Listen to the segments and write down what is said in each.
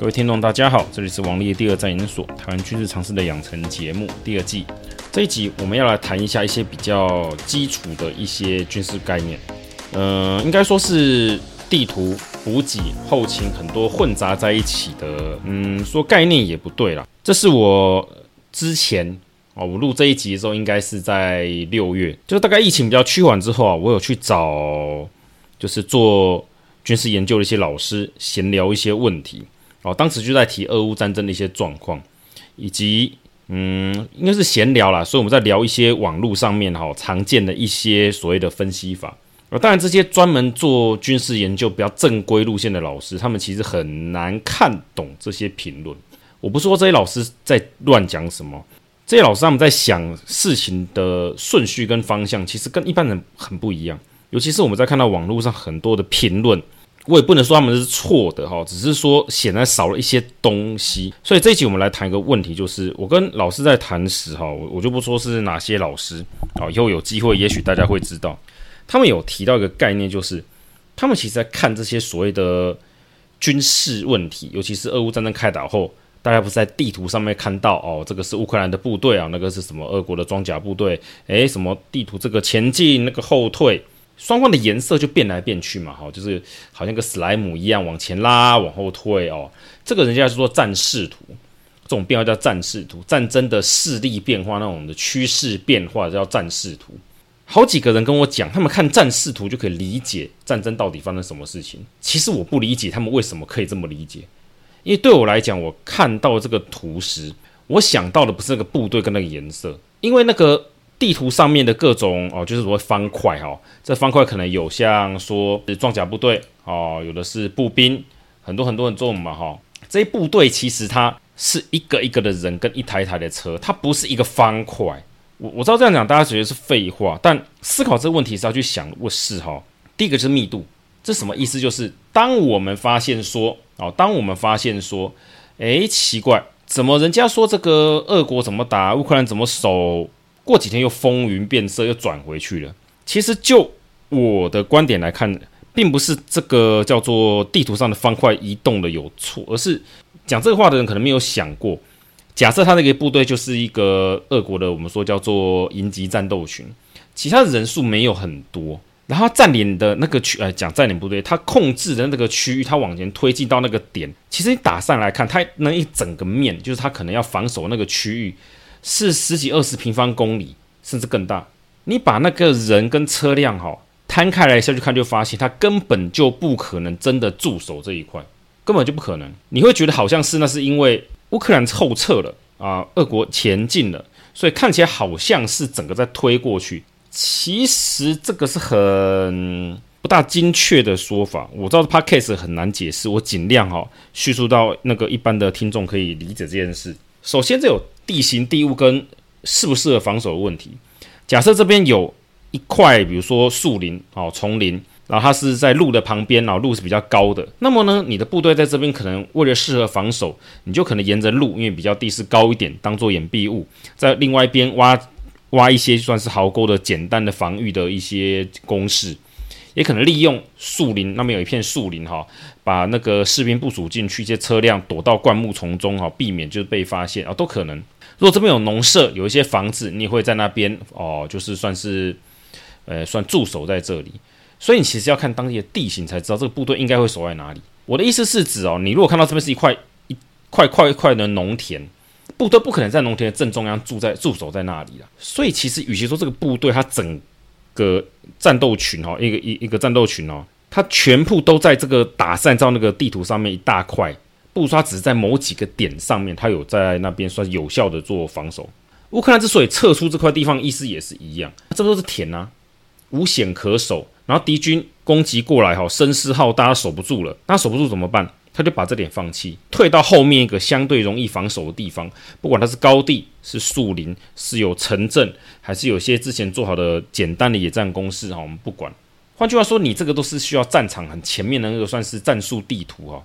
各位聽眾，大家好，這裡是王立第二戰研所台灣軍事常識的養成節目第二季。這一集我們要來談一下一些比較基礎的一些軍事概念，呃，應該說是地圖、補給、後勤很多混雜在一起的。嗯，說概念也不對啦。這是我之前啊，我錄這一集的時候，應該是在六月，就是大概疫情比較趨緩之後啊，我有去找就是做軍事研究的一些老師閒聊一些問題。哦，當時就在提俄烏戰爭的一些狀況，以及嗯，應該是閒聊啦。所以我們在聊一些網絡上面哈、哦、常見的一些所謂的分析法。當然這些專門做軍事研究比較正規路線的老師，他們其實很難看懂這些評論。我不是說這些老師在亂講什麼，這些老師他們在想事情的順序跟方向，其實跟一般人很不一樣。尤其是我們在看到網絡上很多的評論。我也不能說他們是錯的哈，只是說顯然少了一些東西。所以這一集我們來談一個問題，就是我跟老師在談時哈，我我就不說是哪些老師啊，以後有機會也許大家會知道。他們有提到一個概念，就是他們其實在看這些所謂的軍事問題，尤其是俄烏戰爭開打後，大家不是在地圖上面看到哦，這個是烏克蘭的部隊啊，那個是什麼俄國的裝甲部隊，誒，什麼地圖這個前進，那個後退。雙方的顏色就變來變去嘛，哈，就是好像個史萊姆一樣往前拉，往後退哦。這個人家是說戰勢圖，這種變化叫戰勢圖，戰爭的勢力變化那種的趨勢變化叫戰勢圖。好幾個人跟我講，他們看戰勢圖就可以理解戰爭到底發生什麼事情。其實我不理解他們為什麼可以這麼理解，因為對我來講，我看到這個圖時，我想到的不是那個部隊跟那個顏色，因為那個。地圖上面的各種哦，就是什麼方塊哈、哦，這方塊可能有像說裝甲部隊哦，有的是步兵，很多很多很多嘛哈、哦。這一部隊其實它是一個一個的人跟一台一台的車，它不是一個方塊。我我知道這樣講大家覺得是廢話，但思考這個問題是要去想，我是哈。第一個就是密度，這什麼意思？就是當我們發現說哦，當我們發現說，哎，奇怪，怎麼人家說這個俄國怎麼打烏克蘭怎麼守？過幾天又風雲變色，又轉回去了。其實就我的觀點來看，並不是這個叫做地圖上的方塊移動的有錯，而是講這個話的人可能沒有想過。假設他那個部隊就是一個俄國的，我們說叫做營級戰鬥群，其他人數沒有很多，然後佔領的那個區，呃，講佔領部隊，他控制的那個區域，他往前推進到那個點，其實你打上來看，他那一整個面，就是他可能要防守那個區域，是十幾二十平方公里，甚至更大。你把那個人跟車輛哈攤開來一下去看，就發現他根本就不可能真的駐守這一塊，根本就不可能。你會覺得好像是那是因為烏克蘭後撤了啊，俄國前進了，所以看起來好像是整個在推過去。其實這個是很不大精確的說法。我知道是 part case 很難解釋，我儘量哈、哦、敘述到那個一般的聽眾可以理解這件事。首先，這有地形地物跟適不適合防守的問題。假設這邊有一塊，比如說樹林、哦叢林，然後它是在路的旁邊，然後路是比較高的。那麼呢，你的部隊在這邊可能為了適合防守，你就可能沿着路，因為比較地勢高一點，當做掩蔽物，在另外一邊挖挖一些就算是壕溝的簡單的防禦的一些工事。也可能利用樹林，那邊有一片樹林哈、哦，把那個士兵部署進去，一些車輛躲到灌木叢中哈、哦，避免就是被發現啊、哦，都可能。如果這邊有農舍，有一些房子，你也會在那邊哦，就是算是，呃，算駐守在這裡。所以你其實要看當地的地形，才知道這個部隊應該會守在哪裡。我的意思是指哦，你如果看到這邊是一塊一塊塊塊的農田，部隊不可能在農田的正中央駐在駐守在那裡了。所以其實與其說這個部隊它整。個戰鬥群哦，一個一一個戰鬥群哦，它全部都在這個打散到那個地圖上面一大塊，不刷只是在某幾個點上面，它有在那邊算有效的做防守。烏克蘭之所以撤出這塊地方，意思也是一樣，這都是田吶、啊，無險可守，然後敵軍攻擊過來哈、哦，聲勢浩大，守不住了，那守不住怎麼辦？他就把這點放棄，退到後面一個相對容易防守的地方，不管它是高地、是樹林、是有城鎮，還是有些之前做好的簡單的野戰工事。啊，我們不管。換句話說，你這個都是需要戰場很前面的那個算是戰術地圖啊，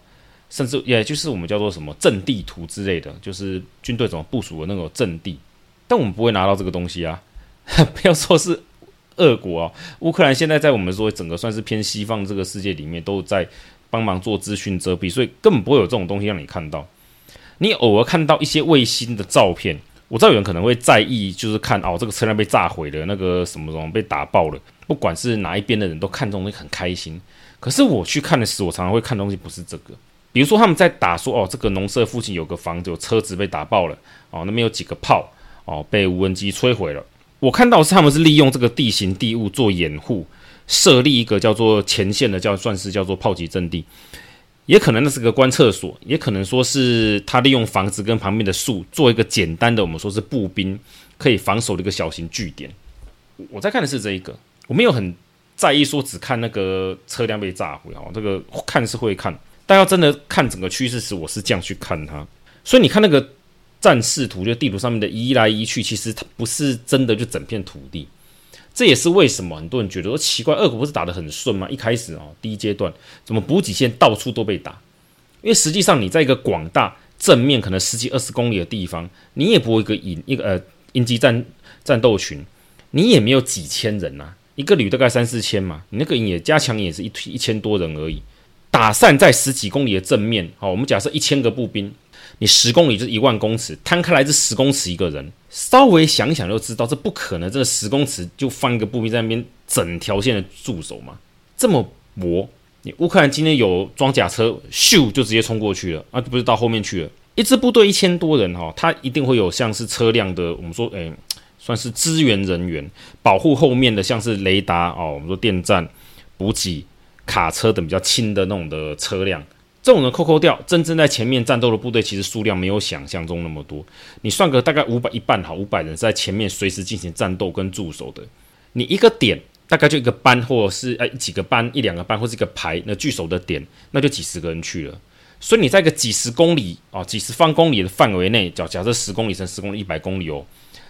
甚至也就是我們叫做什麼陣地圖之類的，就是軍隊怎麼部署的那種陣地。但我們不會拿到這個東西啊，不要說是俄國啊，烏克蘭現在在我們說整個算是偏西方這個世界裡面都在。幫忙做資訊遮蔽，所以根本不會有這種東西讓你看到。你偶爾看到一些衛星的照片，我知道有人可能會在意，就是看哦，這個車輛被炸毀了，那個什麼什麼被打爆了。不管是哪一邊的人都看這種東西很開心。可是我去看的時候，我常常會看東西不是這個，比如說他們在打說哦，這個農舍附近有個房子有車子被打爆了，哦，那邊有幾個炮，哦，被無人機摧毀了。我看到的是他們是利用這個地形地物做掩護。設立一個叫做前線的，叫算是叫做炮擊陣地，也可能那是個觀測所，也可能說是他利用房子跟旁邊的樹做一個簡單的，我們說是步兵可以防守的一個小型據點。我在看的是這一個，我沒有很在意說只看那個車輛被炸毀哦，這個看是會看，但要真的看整個趨勢時，我是這樣去看它。所以你看那個戰勢圖，就地圖上面的移來移去，其實它不是真的就整片土地。這也是為什麼很多人覺得說奇怪，俄國不是打得很順嗎？一開始哦，第一階段怎麼補給線到處都被打？因為實際上你在一個廣大正面，可能十幾二十公里的地方，你也不會一個營一個呃營級戰戰鬥群，你也沒有幾千人啊，一個旅大概三四千嘛，你那個營也加強也是一一千多人而已，打散在十幾公里的正面，好、哦，我們假設一千個步兵。你十公里就一萬公尺，攤開來是十公尺一個人，稍微想想就知道這不可能。真的十公尺就放一個步兵在那邊，整條線的駐守嘛。這麼薄，你烏克蘭今天有裝甲車，咻就直接衝過去了啊，不是到後面，去了？一支部隊一千多人哈，他、哦、一定會有像是車輛的，我們說哎，算是支援人員，保護後面的像是雷達哦，我們說電站、補給、卡車等比較輕的那種的車輛。這種的扣扣掉，真正在前面戰鬥的部隊其實數量沒有想象中那麼多。你算個大概五百一半好，五百人在前面隨時進行戰鬥跟駐守的。你一個點大概就一個班，或者是哎幾個班一兩個班，或者是一個排那駐守的點，那就幾十個人去了。所以你在個幾十公里啊、哦，幾十方公里的範圍內，假假設十公里乘十公里一百公里哦，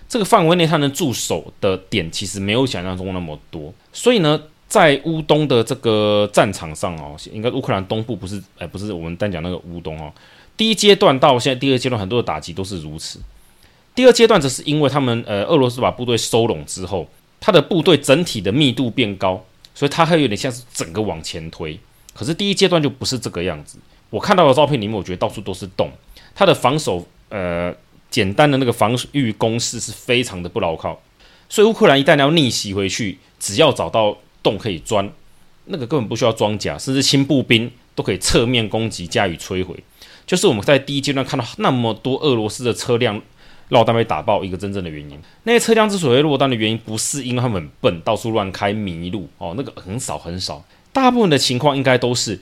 這個範圍內他能駐守的點其實沒有想象中那麼多。所以呢。在烏東的這個戰場上哦，應該烏克蘭東部不是？哎、呃，不是我們單講那個烏東哦。第一階段到現在，第二階段很多的打擊都是如此。第二階段則是因為他們呃，俄羅斯把部隊收攏之後，他的部隊整體的密度變高，所以它還有點像是整個往前推。可是第一階段就不是這個樣子。我看到的照片裡面，我覺得到處都是洞，他的防守呃，簡單的那個防禦工事是非常的不牢靠。所以烏克蘭一旦要逆襲回去，只要找到。洞可以鑽，那個根本不需要裝甲，甚至輕步兵都可以側面攻擊加以摧毀。就是我們在第一階段看到那麼多俄羅斯的車輛落單被打爆，一個真正的原因。那些車輛之所以落單的原因，不是因為他們很笨，到處亂開迷路哦，那個很少很少，大部分的情況應該都是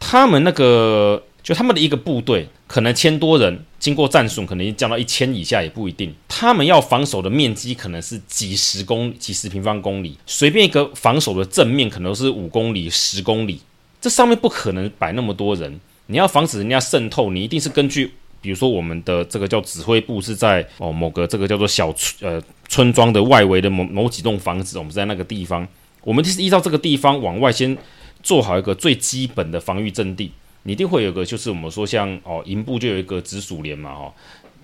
他們那個。就他們的一個部隊，可能千多人，經過戰損，可能降到一千以下也不一定。他們要防守的面積可能是幾十公里、幾十平方公里，隨便一個防守的正面可能是五公里、十公里，這上面不可能擺那麼多人。你要防止人家滲透，你一定是根據，比如說我們的這個叫指揮部是在哦某個這個叫做小村呃村莊的外圍的某某幾棟房子，我們在那個地方，我們就是依照這個地方往外先做好一個最基本的防禦陣地。你一定會有個，就是我們說像哦，營部就有一個直屬連嘛，哦，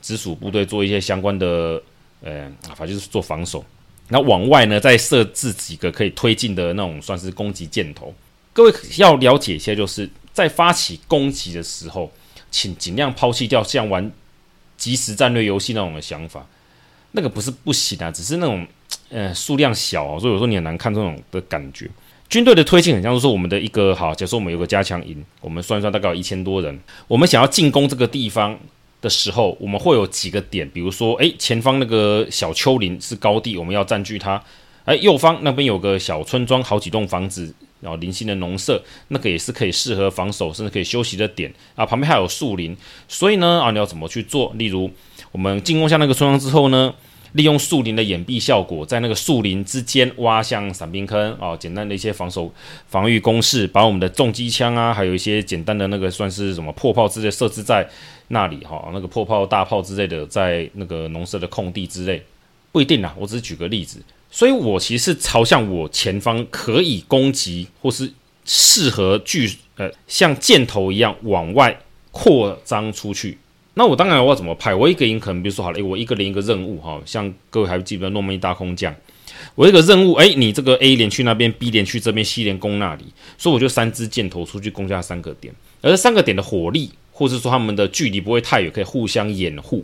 直屬部隊做一些相關的，呃，反正就是做防守。那往外呢，再設置幾個可以推進的那種，算是攻擊箭頭。各位要了解一下，就是在發起攻擊的時候，請盡量拋棄掉像玩即時戰略遊戲那種的想法。那個不是不行啊，只是那種，呃，數量小哦，所以有時候你很難看這種的感覺。軍隊的推進很像，就是我們的一個好。假設我們有個加強營，我們算一算大概有一千多人。我們想要進攻這個地方的時候，我們會有幾個點，比如說，誒、欸、前方那個小丘陵是高地，我們要佔據它；誒、欸、右方那邊有個小村莊，好幾棟房子，然後零星的農舍，那個也是可以適合防守，甚至可以休息的點啊。旁邊還有樹林，所以呢，啊，你要怎麼去做？例如，我們進攻下那個村莊之後呢？利用樹林的掩蔽效果，在那個樹林之間挖向散兵坑啊、哦，簡單的一些防守防禦工事，把我們的重機槍啊，還有一些簡單的那個算是什麼迫炮之類設置在那裡哈、哦，那個迫炮、大炮之類的，在那個農舍的空地之類，不一定啊，我只是舉個例子。所以我其實朝向我前方可以攻擊，或是適合具呃像箭頭一樣往外擴張出去。那我當然我要怎麼派？我一個營可能比如說好了，我一個連一個任務哈，像各位還記不記得諾曼底大空降，我一個任務，哎，你這個 A 連去那邊，B 連去這邊，C 連攻那裡，所以我就三支箭頭出去攻下三個點，而這三個點的火力，或者說他們的距離不會太遠，可以互相掩護，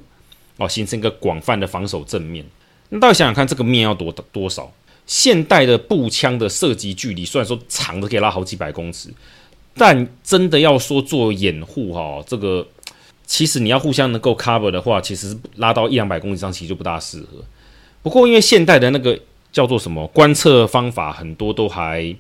哦，形成一個廣泛的防守正面。那大家想想看，這個面要多多少？現代的步槍的射擊距離雖然說長的可以拉好幾百公尺，但真的要說做掩護哈，這個。其實你要互相能夠 cover 的話，其實拉到一兩百公里上，其實就不大適合。不過因為現代的那個叫做什麼觀測方法很多都還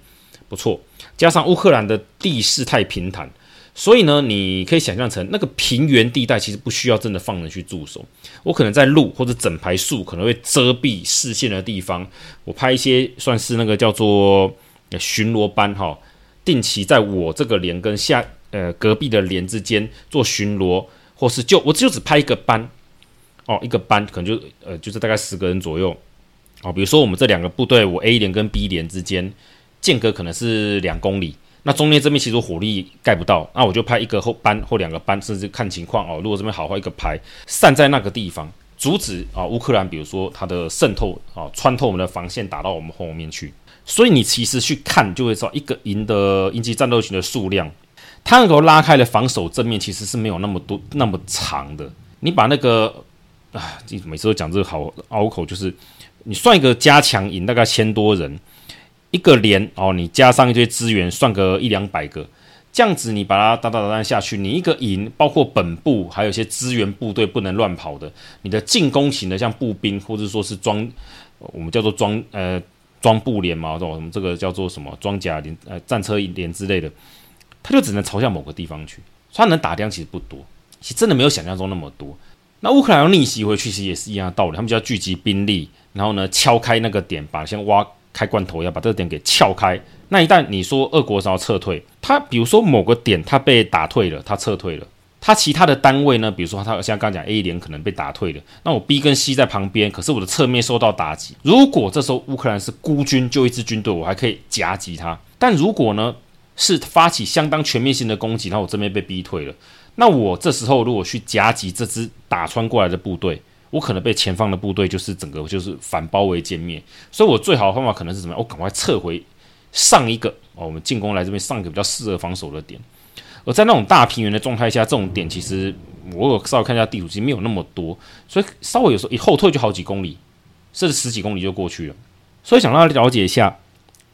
不錯，加上烏克蘭的地勢太平坦，所以呢，你可以想象成那個平原地帶其實不需要真的放人去駐守。我可能在路或者整排樹可能會遮蔽視線的地方，我拍一些算是那個叫做巡邏班哈，定期在我這個連跟下呃隔壁的連之間做巡邏。或是就我就只派一個班，哦，一個班可能就呃就是大概十個人左右，哦，比如說我們這兩個部隊，我 A 一連跟 B 一連之間間隔可能是兩公里，那中間這邊其實火力蓋不到，那我就派一個後班或兩個班，甚至看情況哦，如果這邊好，派一個排散在那個地方，阻止啊、哦、烏克蘭，比如說它的滲透啊、哦、穿透我們的防線，打到我們後面去。所以你其實去看就會知道一個營的營級戰鬥群的數量，它能夠拉開的防守正面，其實是沒有那麼多那麼長的。你把那個啊，就每次都講這個好拗口，就是你算一個加強營大概千多人，一個連哦，你加上一堆資源，算個一兩百個，這樣子你把它打打打打下去，你一個營包括本部還有一些資源部隊不能亂跑的，你的進攻型的像步兵或者說是裝，我們叫做裝呃裝步連嘛，這種這個叫做什麼裝甲連呃戰車連之類的。他就只能朝向某個地方去，所以他能打掉其實不多，其實真的沒有想象中那麼多。那烏克蘭要逆襲回去，其實也是一樣的道理，他們就要聚集兵力，然後呢，敲開那個點，把先挖開罐頭，要把這個點給撬開。那一旦你說俄國是要撤退，他比如說某個點他被打退了，他撤退了，他其他的單位呢，比如說他，他像剛才講 A 連可能被打退了，那我 B 跟 C 在旁邊，可是我的側面受到打擊。如果這時候烏克蘭是孤軍，就一支軍隊，我還可以夾擊他。但如果呢？是發起相當全面性的攻擊，然後我這邊被逼退了。那我這時候如果去夾擊這支打穿過來的部隊，我可能被前方的部隊就是整個就是反包圍殲滅。所以我最好的方法可能是怎麼樣？我趕快撤回上一個哦，我們進攻來這邊上一個比較適合防守的點。而在那種大平原的狀態下，這種點其實我有稍微看一下地圖，其實沒有那麼多。所以稍微有時候一後退就好幾公里，甚至十幾公里就過去了。所以想讓他了解一下，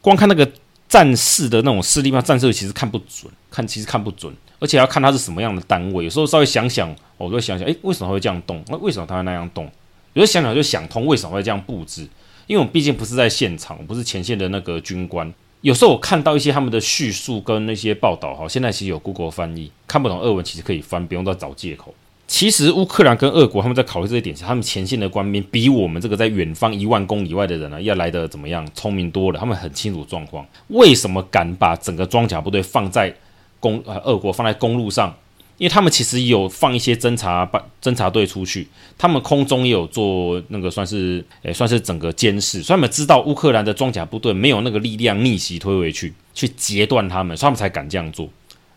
光看那個戰勢圖的那種勢力嘛，戰勢圖其實看不準，看其實看不準，而且要看他是什麼樣的單位。有時候稍微想想，我會想想，哎、欸，為什麼會這樣動？那為什麼他會那樣動？有時候想想就想通，為什麼會這樣布置？因為我畢竟不是在現場，我不是前線的那個軍官。有時候我看到一些他們的敘述跟那些報道，哈，現在其實有 Google 翻譯，看不懂俄文其實可以翻，不用再找借口。其實烏克蘭跟俄國他們在考慮這一點，他們前線的官兵比我們這個在遠方一萬公里外的人呢、啊，要來得怎麼樣聰明多了。他們很清楚狀況，為什麼敢把整個裝甲部隊放在公、呃俄國放在公路上？因為他們其實有放一些偵察，把偵察隊出去，他們空中也有做那個算是，誒、欸、算是整個監視，所以他們知道烏克蘭的裝甲部隊沒有那個力量逆襲推回去，去截斷他們，所以他們才敢這樣做。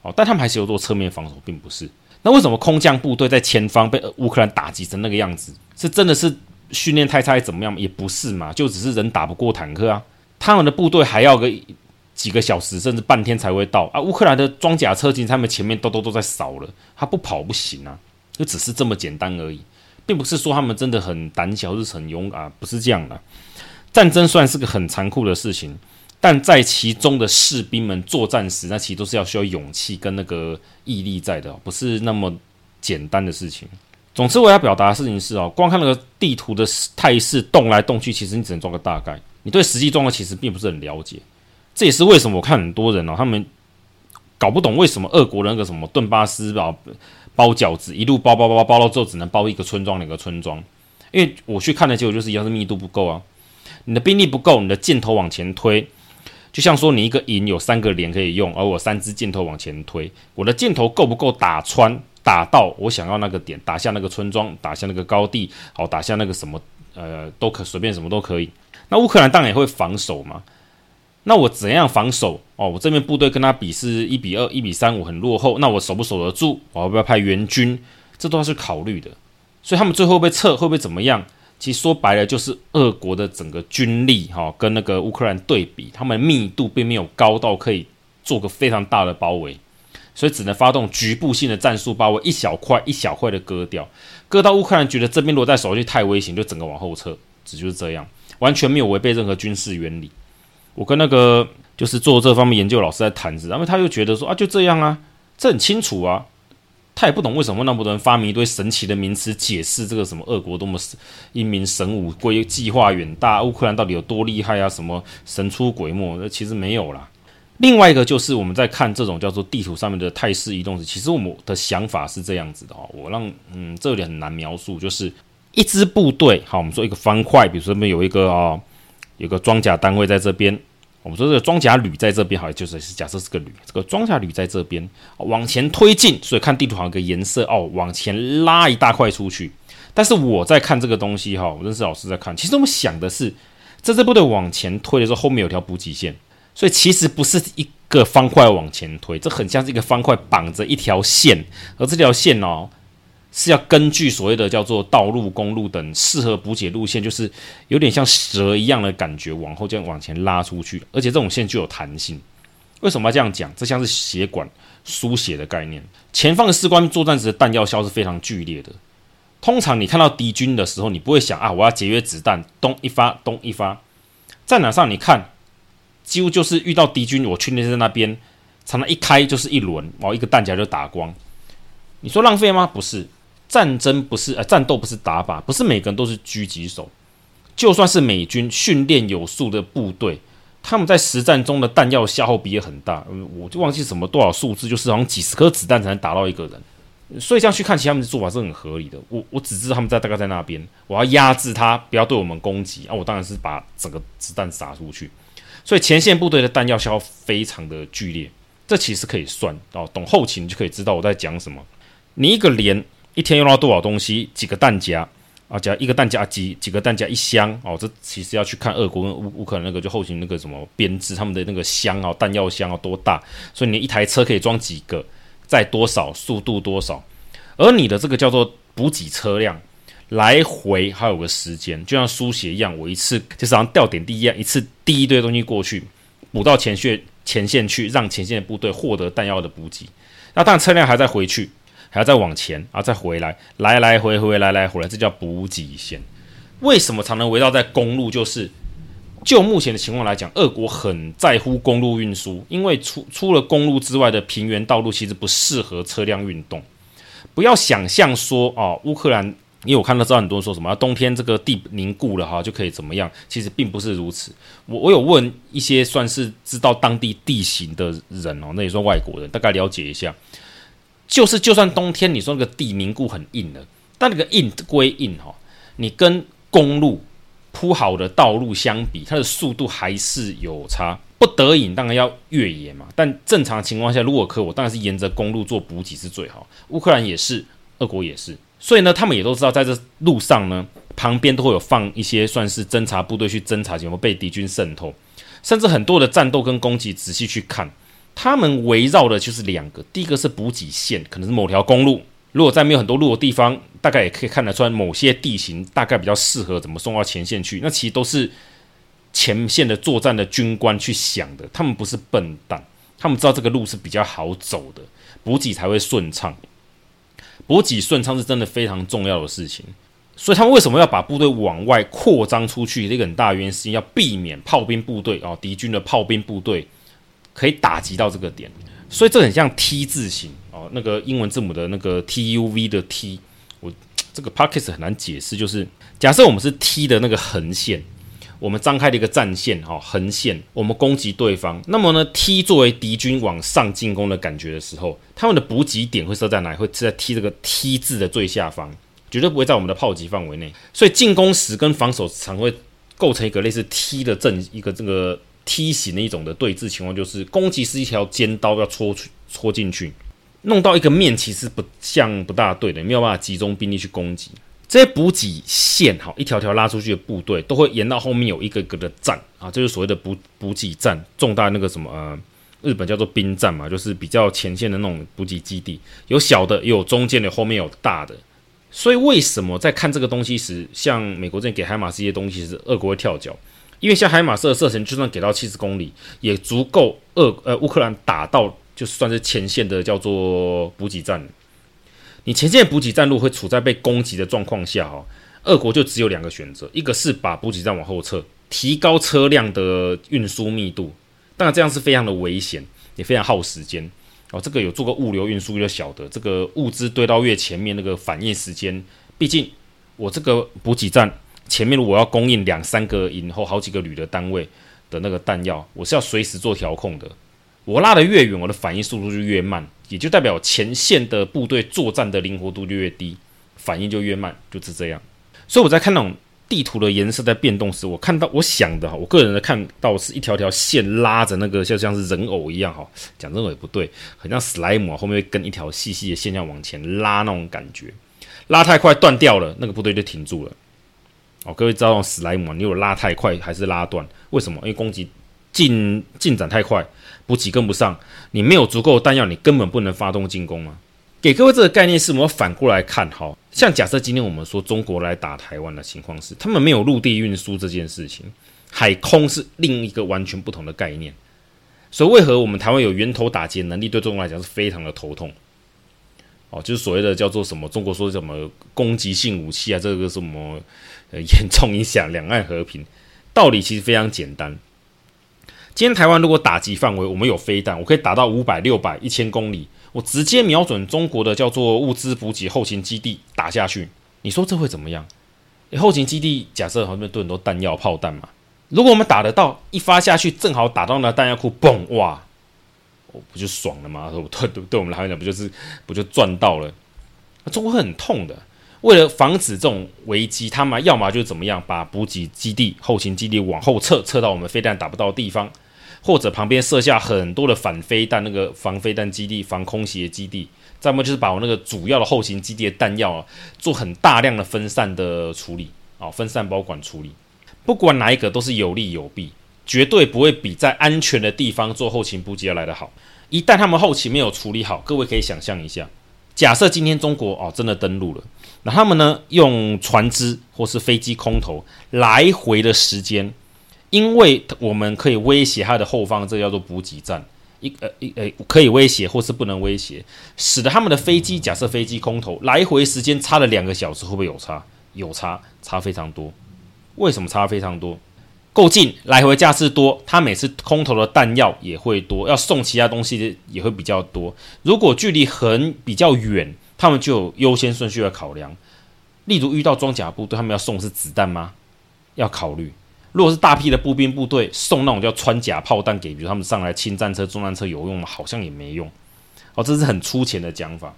哦，但他們還是有做側面防守，並不是。那為什麼空降部隊在前方被烏克蘭打擊成那個樣子？是真的是訓練太差，還是怎麼樣？也不是嘛，就只是人打不過坦克啊。他們的部隊還要個幾個小時甚至半天才會到啊。烏克蘭的裝甲車其實他們前面都都都在掃了，他不跑不行啊，就只是這麼簡單而已，並不是說他們真的很膽小是很勇敢，不是這樣的，啊。戰爭算是個很殘酷的事情。但在其中的士兵們作戰時，那其實都是要需要勇氣跟那個毅力在的，不是那麼簡單的事情。總之，我要表達的事情是啊，光看那個地圖的態勢動來動去，其實你只能做個大概，你對實際狀況其實並不是很了解。這也是為什麼我看很多人哦，他們搞不懂為什麼俄國的那個什麼頓巴斯啊，包餃子一路包包包包了之後，只能包一個村莊、兩個村莊，因為我去看的結果就是，一樣是密度不夠啊，你的兵力不夠，你的箭頭往前推。就像說你一個營有三個連可以用，而我三支箭頭往前推，我的箭頭夠不夠打穿、打到我想要那個點、打下那個村莊、打下那個高地？好，打下那個什麼？呃，都可隨便什麼都可以。那烏克蘭當然也會防守嘛。那我怎樣防守？哦，我這邊部隊跟他比是一比二、一比三，我很落後。那我守不守得住？我要不要派援軍？這都要去考慮的。所以他們最後被撤，會不會怎麼樣？其實說白了就是俄國的整個軍力哈，跟那個烏克蘭對比，他們密度並沒有高到可以做個非常大的包圍，所以只能發動局部性的戰術包圍，一小塊一小塊的割掉，割到烏克蘭覺得這邊落在手裡太危險，就整個往後撤，只就是這樣，完全沒有違背任何軍事原理。我跟那個就是做這方面研究老師在談着，然後他又覺得說啊就這樣啊，這很清楚啊。他也不懂為什麼那麼多人發明一堆神奇的名詞解釋，這個什麼俄國多麼英明神武、規劃遠大，烏克蘭到底有多厲害啊？什麼神出鬼沒？那其實沒有啦。另外一個就是我們在看這種叫做地圖上面的態勢移動時，其實我們的想法是這樣子的哦。我讓，嗯，這裡很難描述，就是一支部隊，好，我們說一個方塊，比如說這邊有一個啊、哦，有個裝甲單位在這邊。我們說這個裝甲旅在這邊，好像就是假設是個旅，這個裝甲旅在這邊往前推進，所以看地圖好像一個顏色哦，往前拉一大塊出去。但是我在看這個東西哈，我認識老師在看，其實我們想的是，這支部隊往前推的時候，後面有條補給線，所以其實不是一個方塊往前推，這很像是一個方塊綁着一條線，而這條線哦。是要根據所謂的叫做道路、公路等適合補給路線，就是有點像蛇一樣的感覺，往後這樣往前拉出去，而且這種線具有彈性。為什麼要這樣講？這像是血管輸血的概念。前方的士官作戰時的彈藥消耗是非常劇烈的。通常你看到敵軍的時候，你不會想啊，我要節約子彈，咚一發，咚一發。戰場上你看，幾乎就是遇到敵軍，我訓練在那邊常常一開就是一輪，然、哦、後一個彈匣就打光。你說浪費嗎？不是。戰爭不是呃、欸，戰鬥不是打靶，不是每個人都是狙擊手。就算是美軍訓練有素的部隊，他們在實戰中的彈藥消耗比也很大。嗯、我就忘記什麼多少數字，就是好像幾十顆子彈才能打到一個人。所以這樣去看，其實他們的做法是很合理的。我我只知道他們在大概在那邊，我要壓制他，不要對我們攻擊啊！我當然是把整個子彈撒出去，所以前線部隊的彈藥消耗非常的劇烈。這其實可以算哦，懂後勤你就可以知道我在講什麼。你一個連。一天用到多少東西？幾個彈夾啊？只要一個彈夾、啊、幾幾個彈夾一箱哦？這其實要去看俄國跟烏烏克蘭那個就後勤那個什麼編制，他們的那個箱哦，彈藥箱哦多大？所以你一台車可以裝幾個？在多少？速度多少？而你的這個叫做補給車輛來回還有個時間，就像輸血一樣，我一次就好像吊點滴一樣，一次滴一堆東西過去，補到前線前線去，讓前線的部隊獲得彈藥的補給。那但車輛還在回去。還要再往前啊，再回來，來來回回，來來回來，這叫補給線。為什麼常常圍繞在公路？就是就目前的情況來講，俄國很在乎公路運輸，因為除除了公路之外的平原道路其實不適合車輛運動。不要想象說哦、啊，烏克蘭，因為我看到知道很多人說什麼、啊、冬天這個地凝固了哈、啊，就可以怎麼樣？其實並不是如此。我我有問一些算是知道當地地形的人哦、啊，那也算外國人，大概了解一下。就是，就算冬天，你說那個地凝固很硬了，但那個硬歸硬哈、哦，你跟公路鋪好的道路相比，它的速度還是有差。不得已，當然要越野嘛。但正常的情況下，如果可我當然是沿着公路做補給是最好。烏克蘭也是，俄國也是，所以呢，他們也都知道在這路上呢，旁邊都會有放一些算是偵察部隊去偵察，有沒有被敵軍滲透，甚至很多的戰鬥跟攻擊，仔細去看。他們圍繞的就是兩個，第一個是補給線，可能是某條公路。如果在沒有很多路的地方，大概也可以看得出來，某些地形大概比較適合怎麼送到前線去。那其實都是前線的作戰的軍官去想的，他們不是笨蛋，他們知道這個路是比較好走的，補給才會順暢。補給順暢是真的非常重要的事情，所以他們為什麼要把部隊往外擴張出去？一個很大的原因是因為要避免炮兵部隊啊、哦，敵軍的炮兵部隊。可以打擊到這個點，所以這很像 T 字形哦，那個英文字母的那個 T U V 的 T，我這個 podcast 很難解釋，就是假設我們是 T 的那個橫線，我們張開了一個戰線哦，橫線，我們攻擊對方，那麼呢 T 作為敵軍往上進攻的感覺的時候，他們的補給點會設在哪？會設在 T 這個 T 字的最下方，絕對不會在我們的炮擊範圍內，所以進攻時跟防守常會構成一個類似 T 的陣，一個這個。梯形的一種的對峙情況，就是攻擊是一條尖刀要戳出、戳進去，弄到一個面其實不像不大對的，沒有辦法集中兵力去攻擊這些補給線。哈，一條條拉出去的部隊都會沿到後面有一個個的站啊，就是所謂的補補給站，重大那個什麼、呃、日本叫做兵站嘛，就是比較前線的那種補給基地，有小的，也有中間的，後面有大的。所以為什麼在看這個東西時，像美國這邊給海馬斯這些東西時，是俄國會跳腳？因為像海馬斯射程，就算給到七十公里，也足夠俄呃烏克蘭打到就算是前線的叫做補給站。你前線的補給站路會處在被攻擊的狀況下哈，俄國就只有兩個選擇，一個是把補給站往後撤，提高車輛的運輸密度，當然這樣是非常的危險，也非常耗時間。哦，這個有做過物流運輸，就曉得這個物資堆到越前面，那個反應時間，畢竟我這個補給站。前面如果要供應兩三個營後好幾個旅的單位的那個彈藥，我是要隨時做調控的。我拉得越遠，我的反應速度就越慢，也就代表前線的部隊作戰的靈活度就越低，反應就越慢，就是這樣。所以我在看那種地圖的顏色在變動時，我看到我想的哈，我個人的看到是一條條線拉着那個，像像是人偶一樣哈。講真的也不對，很像史萊姆，後面會跟一條細細的線要往前拉那種感覺，拉太快斷掉了，那個部隊就停住了。哦，各位知道史萊姆，你有拉太快還是拉斷？為什麼？因為攻擊進進展太快，補給跟不上，你沒有足夠彈藥，你根本不能發動進攻嘛。給各位這個概念是，我們要反過來看，哈，像假設今天我們說中國來打台灣的情況是，他們沒有陸地運輸這件事情，海空是另一個完全不同的概念。所以，為何我們台灣有源頭打擊能力，對中國來講是非常的頭痛。哦，就是所謂的叫做什麼，中國說什麼攻擊性武器啊，這個什麼。呃，嚴重影響兩岸和平，道理其實非常簡單。今天台灣如果打擊範圍，我們有飛彈，我可以打到五百、六百、一千公里，我直接瞄準中國的叫做物資補給後勤基地打下去。你說這會怎麼樣？後勤基地假設裡面囤很多彈藥、炮彈嘛，如果我們打得到，一發下去正好打到那個彈藥庫，嘣，哇！我不就爽了嗎？對對，對我們來講不就是不就賺到了？中國會很痛的。為了防止這種危機，他們要麼就怎麼樣，把補給基地、後勤基地往後撤，撤到我們飛彈打不到的地方，或者旁邊設下很多的反飛彈那個防飛彈基地、防空襲基地，再不就是把我那個主要的後勤基地的彈藥啊，做很大量的分散的處理啊、哦，分散保管處理。不管哪一個都是有利有弊，絕對不會比在安全的地方做後勤補給要來的好。一旦他們後勤沒有處理好，各位可以想象一下。假設今天中國哦真的登陸了，那他們呢，用船只或是飛機空投來回的時間，因為我們可以威脅他的後方，這個叫做補給站，一呃一呃可以威脅或是不能威脅，使得他們的飛機假設飛機空投來回時間差了兩個小時，會不會有差？有差，差非常多。為什麼差非常多？夠近，來回架次多，他每次空投的彈藥也會多，要送其他東西也會比較多。如果距離很比較遠，他們就有優先順序的考量。例如遇到裝甲部隊，他們要送是子彈嗎？要考慮。如果是大批的步兵部隊，送那種叫穿甲炮彈給，比如他們上來輕戰車、重戰車有用嗎？好像也沒用。哦，這是很粗淺的講法。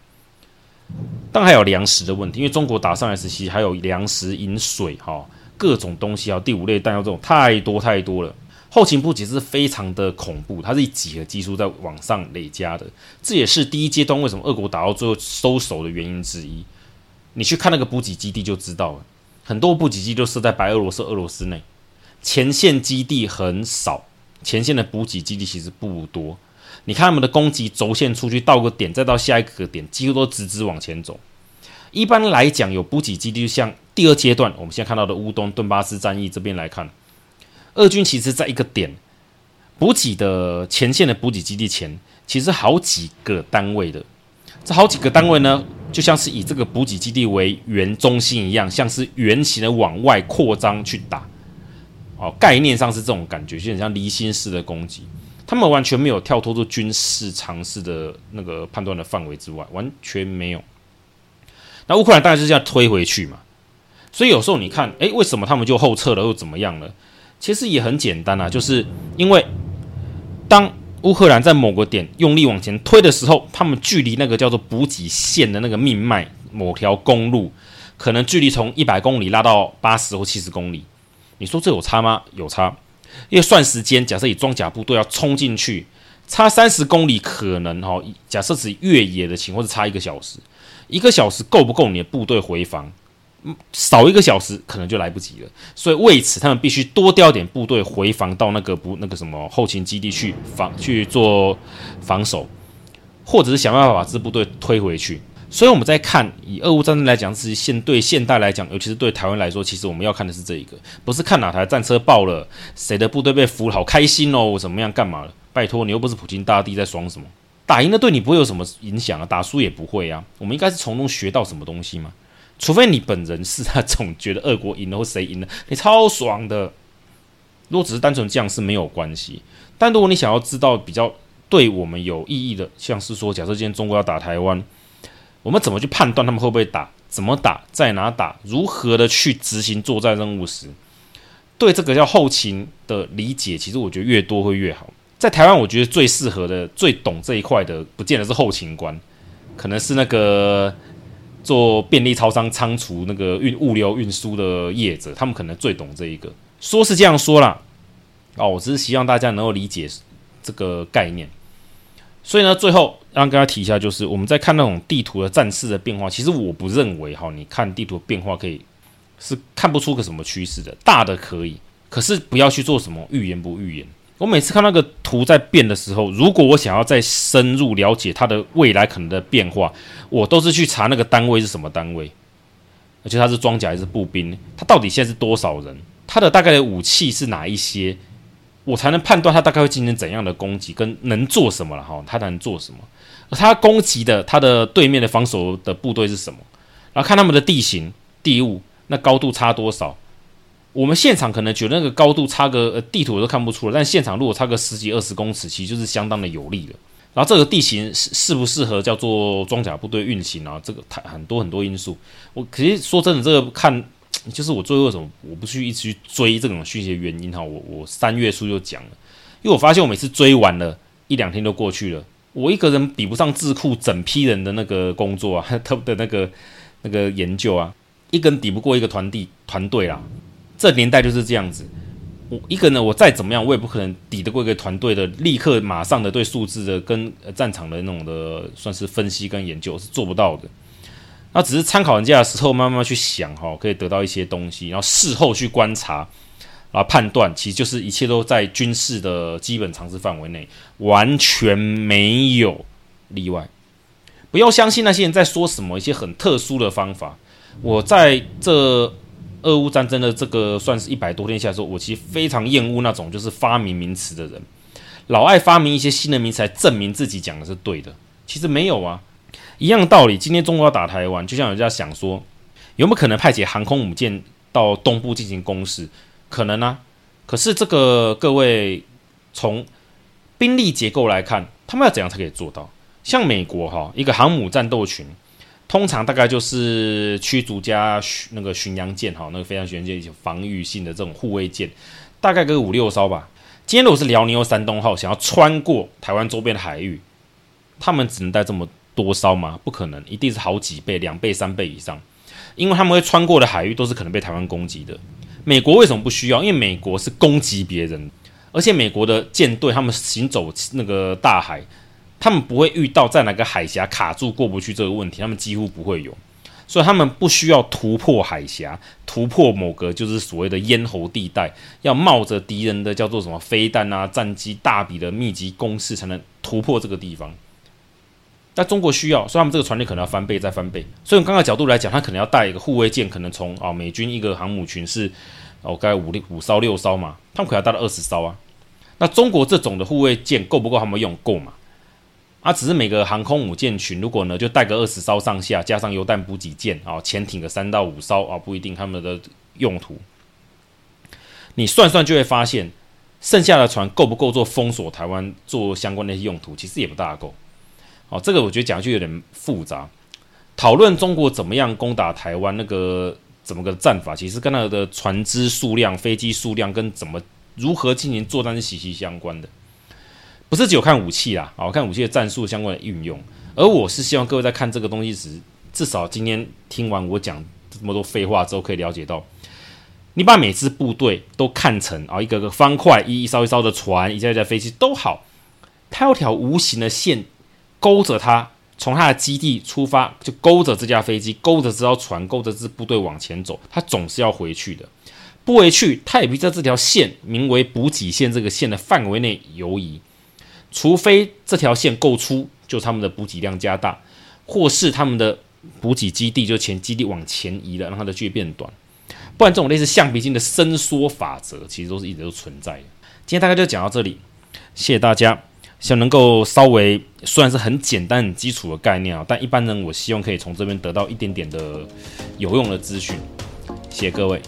當然還有糧食的問題，因為中國打上來時期還有糧食飲水哈。各種東西啊，第五類彈藥這種太多太多了，後勤補給是非常的恐怖，它是幾何級數在往上累加的。這也是第一階段為什麼俄國打到最後收手的原因之一。你去看那個補給基地就知道了，了很多補給基地都是在白俄羅斯、俄羅斯內，前線基地很少，前線的補給基地其實不多。你看他們的攻擊軸線出去到個點，再到下一個，個點，幾乎都直直往前走。一般來講，有補給基地就像。第二階段，我們現在看到的烏東頓巴斯戰役這邊來看，俄軍其實在一個點補給的前線的補給基地前，其實好幾個單位的，這好幾個單位呢，就像是以這個補給基地為圓中心一樣，像是圓形的往外擴張去打，哦，概念上是這種感覺，就很像離心式的攻擊，他們完全沒有跳脫出軍事常識的那個判斷的範圍之外，完全沒有。那烏克蘭大概就這樣推回去嘛？所以有時候你看，誒，為什麼他們就後撤了，又怎麼樣了？其實也很簡單啊，就是因為當烏克蘭在某個點用力往前推的時候，他們距離那個叫做補給線的那個命脈某條公路，可能距離從一百公里拉到八十或七十公里。你說這有差嗎？有差，因為算時間，假設你裝甲部隊要衝進去，差三十公里可能哈、哦，假設是越野的情況，是差一個小時，一個小時夠不夠你的部隊回防？少一個小時可能就來不及了，所以為此他們必須多調點部隊回防到那個不那個什麼後勤基地去防去做防守，或者是想辦法把這支部隊推回去。所以我們在看以俄烏戰爭來講，是現對現代來講，尤其是對台灣來說，其實我們要看的是這一個，不是看哪台戰車爆了，誰的部隊被俘好開心哦，怎麼樣幹嘛？拜托你又不是普京大帝，在爽什麼？打贏了對你不會有什麼影響啊，打輸也不會啊。我們應該是從中學到什麼東西嗎？除非你本人是，他總覺得俄國贏了或誰贏了，你超爽的。如果只是單純這樣是沒有關係。但如果你想要知道比較對我們有意義的，像是說，假設今天中國要打台灣，我們怎麼去判斷他們會不會打？怎麼打？在哪打？如何的去執行作戰任務時，對這個叫後勤的理解，其實我覺得越多會越好。在台灣，我覺得最適合的、最懂這一塊的，不見得是後勤官，可能是那個。做便利超商倉儲那個運物流運輸的業者，他們可能最懂這一個，說是這樣說啦，哦，我只是希望大家能夠理解這個概念。所以呢，最後讓大家提一下，就是我們在看那種地圖的戰勢的變化，其實我不認為，哈，你看地圖變化可以是看不出個什麼趨勢的，大的可以，可是不要去做什麼預言不預言。我每次看那個圖在變的時候，如果我想要再深入了解它的未來可能的變化，我都是去查那個單位是什麼單位，而且它是裝甲還是步兵，它到底現在是多少人，它的大概的武器是哪一些，我才能判斷它大概會進行怎樣的攻擊，跟能做什麼了哈，它能做什麼，而它攻擊的它的對面的防守的部隊是什麼，然後看他們的地形、地物，那高度差多少。我們現場可能覺得那個高度差個、呃、地圖我都看不出了，但現場如果差個十幾二十公尺，其實就是相當的有利了。然後這個地形適適不適合叫做裝甲部隊運行啊？這個太很多很多因素。我其實說真的，這個看就是我最後為什麼我不去一直去追這種訊息的原因哈。我我三月初就講了，因為我發現我每次追完了一兩天都過去了。我一個人比不上智庫整批人的那個工作啊，他的那個那個研究啊，一根抵不過一個團地團隊啦。嗯這年代就是這樣子，我一個呢，我再怎麼樣，我也不可能抵得過一個團隊的，立刻馬上的對數字的跟戰場的那種的，算是分析跟研究是做不到的。那只是參考人家的時候，慢慢去想哈，可以得到一些東西，然後事後去觀察，然後判斷，其實就是一切都在軍事的基本常識範圍內，完全沒有例外。不要相信那些人在說什麼一些很特殊的方法。我在這。俄烏戰爭的這個算是一百多天下的時候，我其實非常厭惡那種就是發明名詞的人，老愛發明一些新的名詞來證明自己講的是對的。其實沒有啊，一樣道理。今天中國要打台灣，就像人家想說，有沒有可能派遣航空母艦到東部進行攻勢？可能啊。可是這個各位從兵力結構來看，他們要怎樣才可以做到？像美國哈一個航母戰鬥群。通常大概就是驅逐加那個巡洋艦哈，那個非常巡洋艦防禦性的這種護衛艦，大概個五六艘吧。今天如果是遼寧或山東號想要穿過台灣周邊的海域，他們只能帶這麼多艘嗎？不可能，一定是好幾倍，兩倍三倍以上，因為他們會穿過的海域都是可能被台灣攻擊的。美國為什麼不需要？因為美國是攻擊別人，而且美國的艦隊他們行走那個大海。他們不會遇到在哪個海峽卡住過不去這個問題，他們幾乎不會有，所以他們不需要突破海峽，突破某個就是所謂的咽喉地帶，要冒着敵人的叫做什麼飛彈啊、戰機大批的密集攻勢才能突破這個地方。那中國需要，所以他們這個船隻可能要翻倍再翻倍。所以從剛剛的角度來講，他可能要帶一個護衛艦，可能從啊、哦、美軍一個航母群是哦，大概五五五艘六艘嘛，他們可能要帶到二十艘啊。那中國這種的護衛艦夠不夠他們用夠嘛？夠嗎？啊，只是每個航空母艦群如果呢，就帶個二十艘上下，加上油彈補給艦啊，潛艇個三到五艘啊，不一定他們的用途。你算算就會發現，剩下的船夠不夠做封鎖台灣、做相關的一些用途，其實也不大夠。哦，這個我覺得講就有點複雜。討論中國怎麼樣攻打台灣，那個怎麼個戰法，其實跟那個的船只數量、飛機數量跟怎麼如何進行作戰是息息相關的。不是只有看武器啦，啊、哦，看武器的戰術相關的運用。而我是希望各位在看這個東西時，至少今天聽完我講這麼多廢話之後，可以了解到，你把每支部隊都看成啊一個個方塊，一格格一,一艘一艘的船，一架一架飛機都好，它有條無形的線勾着它，從它的基地出發，就勾着這架飛機，勾着這艘船，勾着這支部隊往前走，它總是要回去的。不回去，它也必在這條線，名為補給線這個線的範圍內游移。除非這條線夠粗，就是、他們的補給量加大，或是他們的補給基地就是、前基地往前移了，讓它的距離變短。不然，這種類似橡皮筋的伸縮法則，其實都是一直都存在的。今天大概就講到這裡，謝謝大家。想能夠稍微雖然是很簡單、很基礎的概念啊，但一般人我希望可以從這邊得到一點點的有用的資訊。謝謝各位。